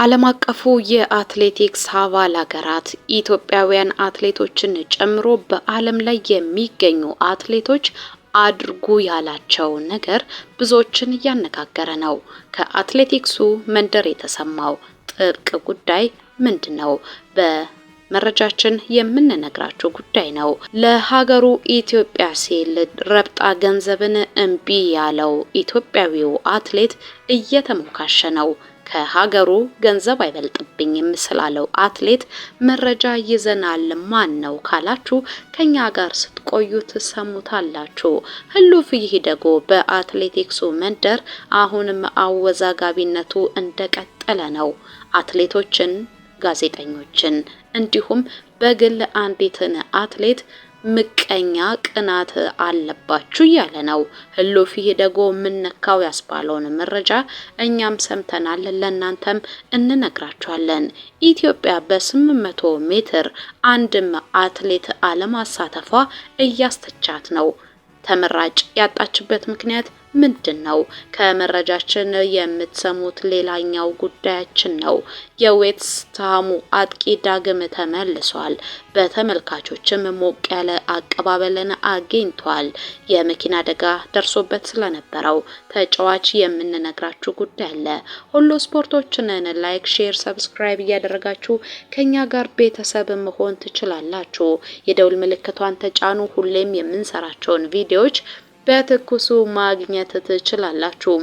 ዓለም አቀፉ የአትሌቲክስ አባል ሀገራት ኢትዮጵያውያን አትሌቶችን ጨምሮ በዓለም ላይ የሚገኙ አትሌቶች አድርጉ ያላቸው ነገር ብዙዎችን እያነጋገረ ነው። ከአትሌቲክሱ መንደር የተሰማው ጥብቅ ጉዳይ ምንድን ነው? በመረጃችን የምንነግራችሁ ጉዳይ ነው። ለሀገሩ ኢትዮጵያ ሲል ረብጣ ገንዘብን እምቢ ያለው ኢትዮጵያዊው አትሌት እየተሞካሸ ነው። ከሀገሩ ገንዘብ አይበልጥብኝም ስላለው አትሌት መረጃ ይዘናል። ማን ነው ካላችሁ ከኛ ጋር ስትቆዩ ትሰሙታላችሁ። ህሉፍ ደግሞ በአትሌቲክሱ መንደር አሁንም አወዛጋቢነቱ እንደቀጠለ ነው። አትሌቶችን፣ ጋዜጠኞችን እንዲሁም በግል አንዲትን አትሌት ምቀኛ ቅናት አለባችሁ እያለ ነው። ህሉፊ ደግሞ ምነካው ያስባለውን መረጃ እኛም ሰምተናል፣ ለእናንተም እንነግራችኋለን። ኢትዮጵያ በ800 ሜትር አንድም አትሌት አለማሳተፏ እያስተቻት ነው። ተመራጭ ያጣችበት ምክንያት ምንድን ነው? ከመረጃችን የምትሰሙት ሌላኛው ጉዳያችን ነው። የዌትስታሙ አጥቂ ዳግም ተመልሷል። በተመልካቾችም ሞቅ ያለ አቀባበልን አግኝቷል። የመኪና አደጋ ደርሶበት ስለነበረው ተጫዋች የምንነግራችሁ ጉዳይ አለ። ሁሉ ስፖርቶችንን ላይክ፣ ሼር፣ ሰብስክራይብ እያደረጋችሁ ከኛ ጋር ቤተሰብ መሆን ትችላላችሁ። የደውል ምልክቷን ተጫኑ። ሁሌም የምንሰራቸውን ቪዲዮዎች በትኩሱ ማግኘት ትችላላችሁ።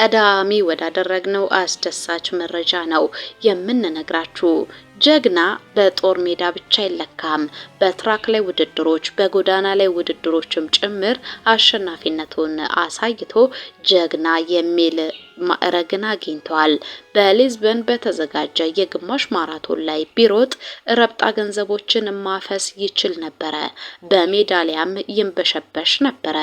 ቀዳሚ ወዳደረግነው አስደሳች መረጃ ነው የምንነግራችሁ። ጀግና በጦር ሜዳ ብቻ አይለካም። በትራክ ላይ ውድድሮች፣ በጎዳና ላይ ውድድሮችም ጭምር አሸናፊነቱን አሳይቶ ጀግና የሚል ማዕረግን አግኝተዋል። በሊዝበን በተዘጋጀ የግማሽ ማራቶን ላይ ቢሮጥ ረብጣ ገንዘቦችን ማፈስ ይችል ነበረ፣ በሜዳሊያም ይንበሸበሽ ነበረ።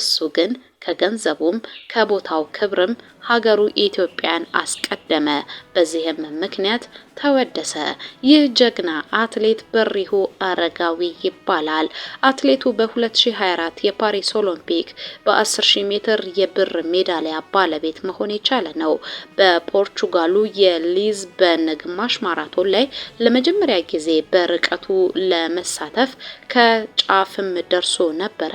እሱ ግን ከገንዘቡም ከቦታው ክብርም ሀገሩ ኢትዮጵያን አስቀደመ። በዚህም ምክንያት ተወደሰ። ይህ ጀግና አትሌት በሪሁ አረጋዊ ይባላል። አትሌቱ በ2024 የፓሪስ ኦሎምፒክ በ10000 ሜትር የብር ሜዳሊያ ባለቤት መሆን የቻለ ነው። በፖርቹጋሉ የሊዝበን ግማሽ ማራቶን ላይ ለመጀመሪያ ጊዜ በርቀቱ ለመሳተፍ ከጫፍም ደርሶ ነበረ።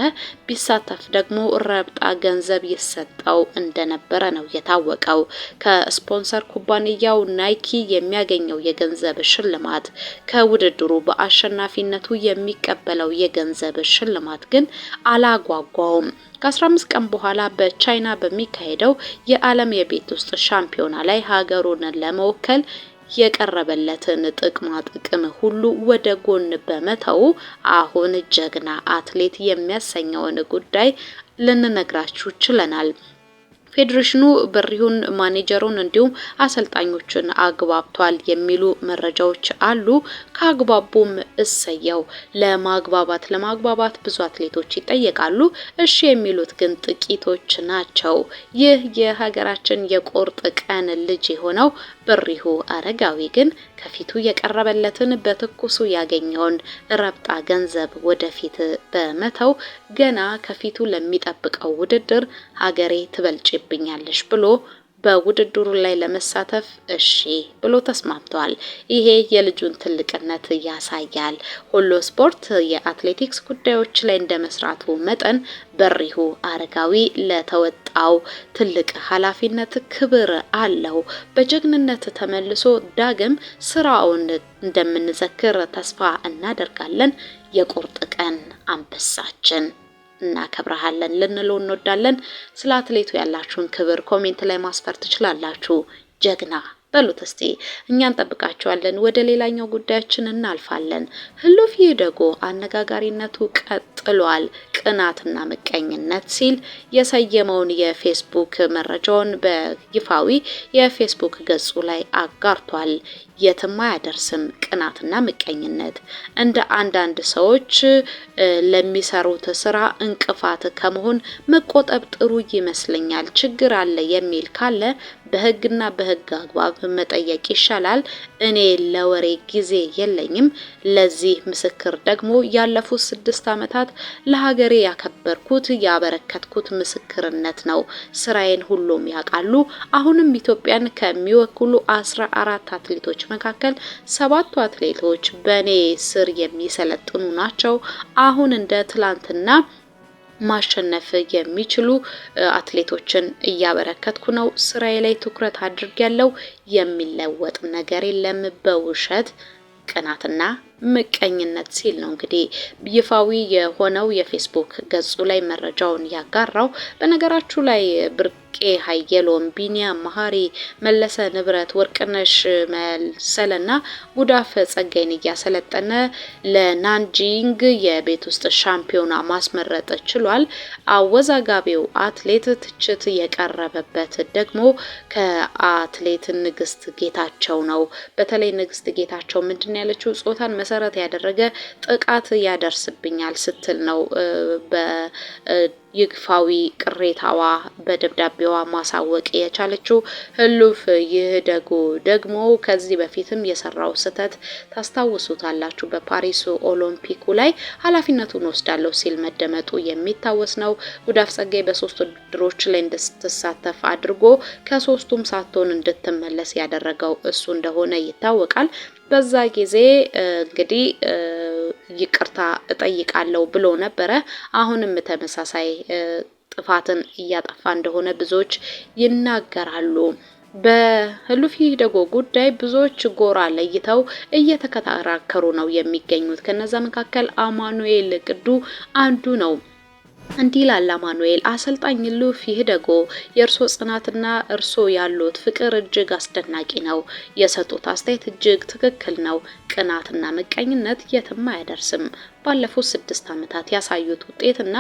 ቢሳተፍ ደግሞ ረብጣ ገንዘብ ይሰጠው እንደነበረ ነው የታወቀው ከስፖንሰር ኩባንያ ኩባንያው ናይኪ የሚያገኘው የገንዘብ ሽልማት ከውድድሩ በአሸናፊነቱ የሚቀበለው የገንዘብ ሽልማት ግን አላጓጓውም። ከ15 ቀን በኋላ በቻይና በሚካሄደው የዓለም የቤት ውስጥ ሻምፒዮና ላይ ሀገሩን ለመወከል የቀረበለትን ጥቅማ ጥቅም ሁሉ ወደ ጎን በመተው አሁን ጀግና አትሌት የሚያሰኘውን ጉዳይ ልንነግራችሁ ችለናል። ፌዴሬሽኑ በሪሁን ማኔጀሩን እንዲሁም አሰልጣኞችን አግባብቷል የሚሉ መረጃዎች አሉ። ከአግባቡም እሰየው። ለማግባባት ለማግባባት ብዙ አትሌቶች ይጠየቃሉ። እሺ የሚሉት ግን ጥቂቶች ናቸው። ይህ የሀገራችን የቁርጥ ቀን ልጅ የሆነው ብሪሁ አረጋዊ ግን ከፊቱ የቀረበለትን በትኩሱ ያገኘውን ረብጣ ገንዘብ ወደፊት በመተው ገና ከፊቱ ለሚጠብቀው ውድድር ሀገሬ ትበልጭ ትወስጅብኛለሽ ብሎ በውድድሩ ላይ ለመሳተፍ እሺ ብሎ ተስማምቷል። ይሄ የልጁን ትልቅነት ያሳያል። ሆሎ ስፖርት የአትሌቲክስ ጉዳዮች ላይ እንደ መስራቱ መጠን በሪሁ አረጋዊ ለተወጣው ትልቅ ኃላፊነት ክብር አለው። በጀግንነት ተመልሶ ዳግም ስራውን እንደምንዘክር ተስፋ እናደርጋለን። የቁርጥ ቀን አንበሳችን እናከብረሃለን ልንለው እንወዳለን። ስለ አትሌቱ ያላችሁን ክብር ኮሜንት ላይ ማስፈር ትችላላችሁ። ጀግና በሉት እስቲ እኛ እንጠብቃቸዋለን። ወደ ሌላኛው ጉዳያችን እናልፋለን። ህሉፊ ደጎ አነጋጋሪነቱ ቀጥሏል። ቅናትና ምቀኝነት ሲል የሰየመውን የፌስቡክ መረጃውን በይፋዊ የፌስቡክ ገጹ ላይ አጋርቷል። የትም አያደርስም። ቅናትና ምቀኝነት እንደ አንዳንድ ሰዎች ለሚሰሩት ስራ እንቅፋት ከመሆን መቆጠብ ጥሩ ይመስለኛል። ችግር አለ የሚል ካለ በህግና በህግ አግባብ መጠየቅ ይሻላል። እኔ ለወሬ ጊዜ የለኝም። ለዚህ ምስክር ደግሞ ያለፉት ስድስት ዓመታት ለሀገር ለሀገሬ ያከበርኩት ያበረከትኩት ምስክርነት ነው። ስራዬን ሁሉም ያውቃሉ። አሁንም ኢትዮጵያን ከሚወክሉ አስራ አራት አትሌቶች መካከል ሰባቱ አትሌቶች በእኔ ስር የሚሰለጥኑ ናቸው። አሁን እንደ ትላንትና ማሸነፍ የሚችሉ አትሌቶችን እያበረከትኩ ነው። ስራዬ ላይ ትኩረት አድርጌያለሁ። የሚለወጥ ነገር የለም በውሸት ቅናትና ምቀኝነት ሲል ነው እንግዲህ ይፋዊ የሆነው የፌስቡክ ገጹ ላይ መረጃውን ያጋራው። በነገራችሁ ላይ ሀየሎም፣ ቢኒያም መሀሪ፣ መለሰ ንብረት፣ ወርቅነሽ መሰለና ጉዳፍ ጸጋይን እያሰለጠነ ለናንጂንግ የቤት ውስጥ ሻምፒዮና ማስመረጥ ችሏል። አወዛጋቢው አትሌት ትችት የቀረበበት ደግሞ ከአትሌት ንግስት ጌታቸው ነው። በተለይ ንግስት ጌታቸው ምንድን ያለችው ጾታን መሰረት ያደረገ ጥቃት ያደርስብኛል ስትል ነው። ይግፋዊ ቅሬታዋ በደብዳቤዋ ማሳወቅ የቻለችው ህሉፍ ይህደጉ ደግሞ ከዚህ በፊትም የሰራው ስህተት ታስታውሱታላችሁ። በፓሪስ ኦሎምፒኩ ላይ ኃላፊነቱን ወስዳለሁ ሲል መደመጡ የሚታወስ ነው። ጉዳፍ ጸጋይ በሶስት ውድድሮች ላይ እንድትሳተፍ አድርጎ ከሶስቱም ሳትሆን እንድትመለስ ያደረገው እሱ እንደሆነ ይታወቃል። በዛ ጊዜ እንግዲህ ይቅርታ እጠይቃለሁ ብሎ ነበረ። አሁንም ተመሳሳይ ጥፋትን እያጠፋ እንደሆነ ብዙዎች ይናገራሉ። በህሉፊ ደጎ ጉዳይ ብዙዎች ጎራ ለይተው እየተከራከሩ ነው የሚገኙት። ከነዛ መካከል አማኑኤል ቅዱ አንዱ ነው። እንዲህ ይላል አማኑኤል። አሰልጣኝ ሉፊ ሂደጎ የእርሶ ጽናትና እርሶ ያሉት ፍቅር እጅግ አስደናቂ ነው። የሰጡት አስተያየት እጅግ ትክክል ነው። ቅናትና ምቀኝነት የትም አያደርስም። ባለፉት ስድስት ዓመታት ያሳዩት ውጤት እና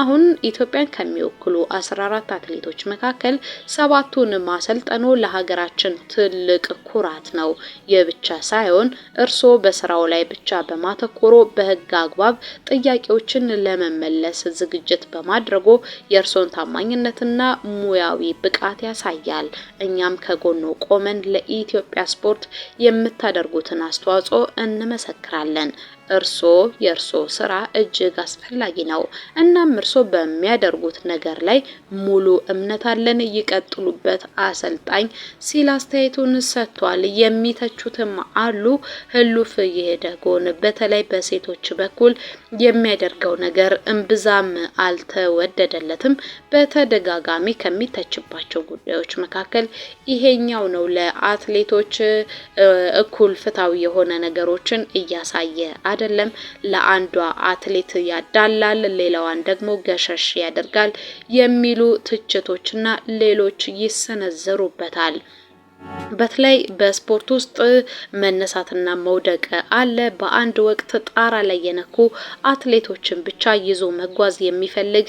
አሁን ኢትዮጵያን ከሚወክሉ 14 አትሌቶች መካከል ሰባቱን ማሰልጠኑ ለሀገራችን ትልቅ ኩራት ነው። ይህ ብቻ ሳይሆን እርስዎ በስራው ላይ ብቻ በማተኮሮ በህግ አግባብ ጥያቄዎችን ለመመለስ ዝግጅት በማድረጎ የእርስዎን ታማኝነትና ሙያዊ ብቃት ያሳያል። እኛም ከጎኖ ቆመን ለኢትዮጵያ ስፖርት የምታደርጉትን አስተዋጽኦ እንመሰክራለን። እርሶ የእርሶ ስራ እጅግ አስፈላጊ ነው። እናም እርሶ በሚያደርጉት ነገር ላይ ሙሉ እምነት አለን፣ ይቀጥሉበት አሰልጣኝ ሲል አስተያየቱን ሰጥቷል። የሚተቹትም አሉ። ህሉፍ ፍየ ደጎን በተለይ በሴቶች በኩል የሚያደርገው ነገር እምብዛም አልተወደደለትም። በተደጋጋሚ ከሚተችባቸው ጉዳዮች መካከል ይሄኛው ነው። ለአትሌቶች እኩል ፍታዊ የሆነ ነገሮችን እያሳየ አደ አይደለም። ለአንዷ አትሌት ያዳላል፣ ሌላዋን ደግሞ ገሸሽ ያደርጋል የሚሉ ትችቶችና ሌሎች ይሰነዘሩበታል። በተለይ በስፖርት ውስጥ መነሳትና መውደቅ አለ። በአንድ ወቅት ጣራ ላይ የነኩ አትሌቶችን ብቻ ይዞ መጓዝ የሚፈልግ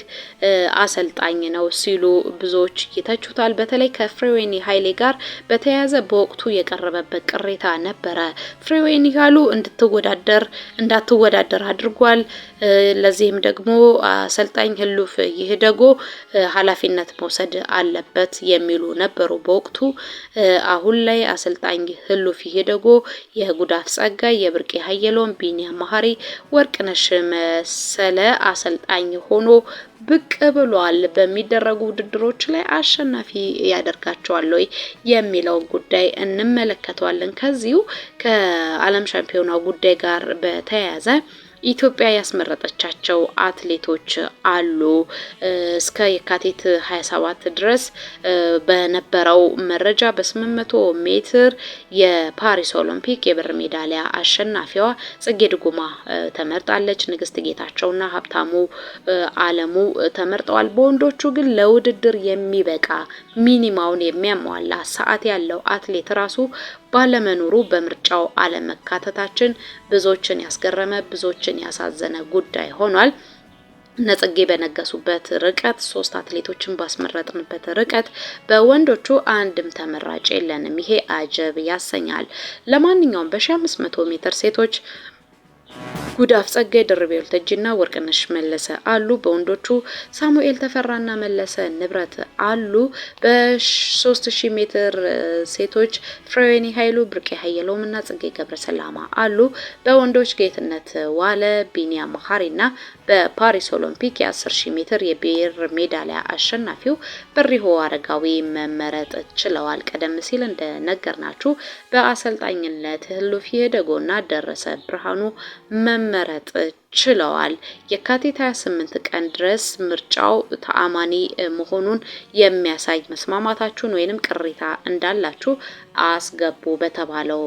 አሰልጣኝ ነው ሲሉ ብዙዎች ይተቹታል። በተለይ ከፍሬዌኒ ኃይሌ ጋር በተያያዘ በወቅቱ የቀረበበት ቅሬታ ነበረ። ፍሬዌኒ ያሉ እንድትወዳደር እንዳትወዳደር አድርጓል። ለዚህም ደግሞ አሰልጣኝ ህሉፍ ደግሞ ኃላፊነት መውሰድ አለበት የሚሉ ነበሩ በወቅቱ አሁን ላይ አሰልጣኝ ህሉ ፊሄደጎ፣ የጉዳፍ ጸጋይ፣ የብርቄ ሀየሎን፣ ቢኒያ መሀሪ፣ ወርቅነሽ መሰለ አሰልጣኝ ሆኖ ብቅ ብሏል። በሚደረጉ ውድድሮች ላይ አሸናፊ ያደርጋቸዋል ወይ ጉዳይ እንመለከተዋለን። ከዚሁ ከዓለም ሻምፒዮና ጉዳይ ጋር በተያያዘ ኢትዮጵያ ያስመረጠቻቸው አትሌቶች አሉ። እስከ የካቲት 27 ድረስ በነበረው መረጃ በ800 ሜትር የፓሪስ ኦሎምፒክ የብር ሜዳሊያ አሸናፊዋ ጽጌ ድጉማ ተመርጣለች። ንግስት ጌታቸውና ሀብታሙ አለሙ ተመርጠዋል። በወንዶቹ ግን ለውድድር የሚበቃ ሚኒማውን የሚያሟላ ሰዓት ያለው አትሌት ራሱ ባለመኖሩ በምርጫው አለመካተታችን ብዙዎችን ያስገረመ ብዙዎችን ብዙዎችን ያሳዘነ ጉዳይ ሆኗል። ነጽጌ በነገሱበት ርቀት ሶስት አትሌቶችን ባስመረጥንበት ርቀት በወንዶቹ አንድም ተመራጭ የለንም። ይሄ አጀብ ያሰኛል። ለማንኛውም በ1500 ሜትር ሴቶች ጉዳፍ ጸጋይ ድርቤ ወልተጂና ወርቅነሽ መለሰ አሉ። በወንዶቹ ሳሙኤል ተፈራና መለሰ ንብረት አሉ። በ3000 ሜትር ሴቶች ፍሬዌኒ ኃይሉ፣ ብርቄ ሀየለውምና ጽጌ ገብረሰላማ አሉ። በወንዶች ጌትነት ዋለ፣ ቢኒያ መሀሪና በፓሪስ ኦሎምፒክ የ10000 ሜትር የብር ሜዳሊያ አሸናፊው በሪሆ አረጋዊ መመረጥ ችለዋል። ቀደም ሲል እንደነገርናችሁ በአሰልጣኝነት ህሉፍ ይሄደጎና ደረሰ ብርሃኑ መመረጥ ችለዋል። የካቲት 28 ቀን ድረስ ምርጫው ተአማኒ መሆኑን የሚያሳይ መስማማታችሁን ወይንም ቅሬታ እንዳላችሁ አስገቡ በተባለው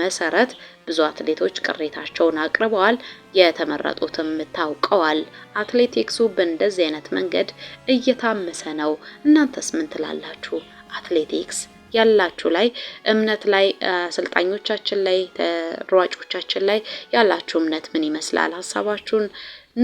መሰረት ብዙ አትሌቶች ቅሬታቸውን አቅርበዋል። የተመረጡትም ታውቀዋል። አትሌቲክሱ በእንደዚህ አይነት መንገድ እየታመሰ ነው። እናንተስ ምን ትላላችሁ? አትሌቲክስ ያላችሁ ላይ እምነት ላይ አሰልጣኞቻችን ላይ ሯጮቻችን ላይ ያላችሁ እምነት ምን ይመስላል? ሀሳባችሁን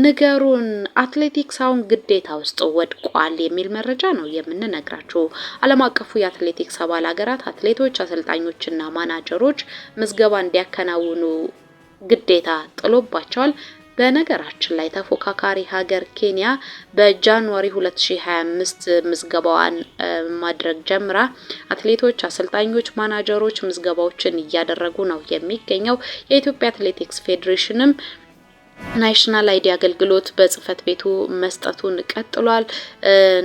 ንገሩን። አትሌቲክስ አሁን ግዴታ ውስጥ ወድቋል የሚል መረጃ ነው የምንነግራችሁ። ዓለም አቀፉ የአትሌቲክስ አባል ሀገራት አትሌቶች፣ አሰልጣኞችና ማናጀሮች ምዝገባ እንዲያከናውኑ ግዴታ ጥሎባቸዋል። በነገራችን ላይ ተፎካካሪ ሀገር ኬንያ በጃንዋሪ 2025 ምዝገባዋን ማድረግ ጀምራ አትሌቶች፣ አሰልጣኞች፣ ማናጀሮች ምዝገባዎችን እያደረጉ ነው የሚገኘው። የኢትዮጵያ አትሌቲክስ ፌዴሬሽንም ናሽናል አይዲ አገልግሎት በጽህፈት ቤቱ መስጠቱን ቀጥሏል።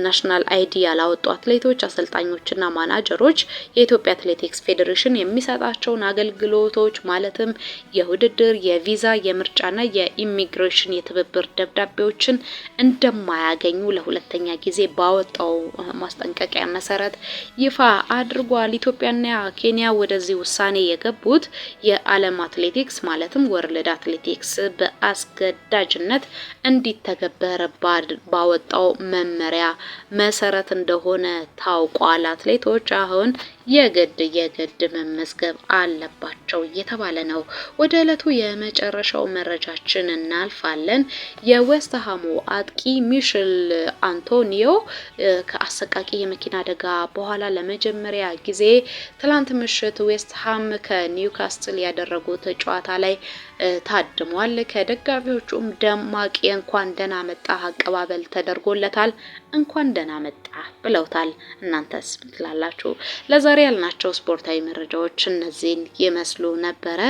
ናሽናል አይዲ ያላወጡ አትሌቶች፣ አሰልጣኞችና ማናጀሮች የኢትዮጵያ አትሌቲክስ ፌዴሬሽን የሚሰጣቸውን አገልግሎቶች ማለትም የውድድር፣ የቪዛ፣ የምርጫና የኢሚግሬሽን የትብብር ደብዳቤዎችን እንደማያገኙ ለሁለተኛ ጊዜ ባወጣው ማስጠንቀቂያ መሰረት ይፋ አድርጓል። ኢትዮጵያና ኬንያ ወደዚህ ውሳኔ የገቡት የዓለም አትሌቲክስ ማለትም ወርልድ አትሌቲክስ በአ አስገዳጅነት እንዲተገበር ባወጣው መመሪያ መሰረት እንደሆነ ታውቋል። አትሌቶች አሁን የግድ የግድ መመዝገብ አለባቸው እየተባለ ነው። ወደ ዕለቱ የመጨረሻው መረጃችን እናልፋለን። የዌስትሃሙ አጥቂ ሚሽል አንቶኒዮ ከአሰቃቂ የመኪና አደጋ በኋላ ለመጀመሪያ ጊዜ ትላንት ምሽት ዌስትሃም ከኒውካስትል ያደረጉት ጨዋታ ላይ ታድሟል። ከደጋፊዎቹም ደማቅ የእንኳን ደህና መጣ አቀባበል ተደርጎለታል። እንኳን ደህና መጣ ብለውታል። እናንተስ ምን ትላላችሁ? ለዛሬ ያልናቸው ስፖርታዊ መረጃዎች እነዚህን ይመስሉ ነበረ።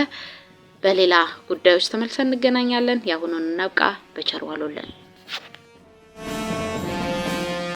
በሌላ ጉዳዮች ተመልሰን እንገናኛለን። የአሁኑን እናብቃ። በቸር ዋሉልን።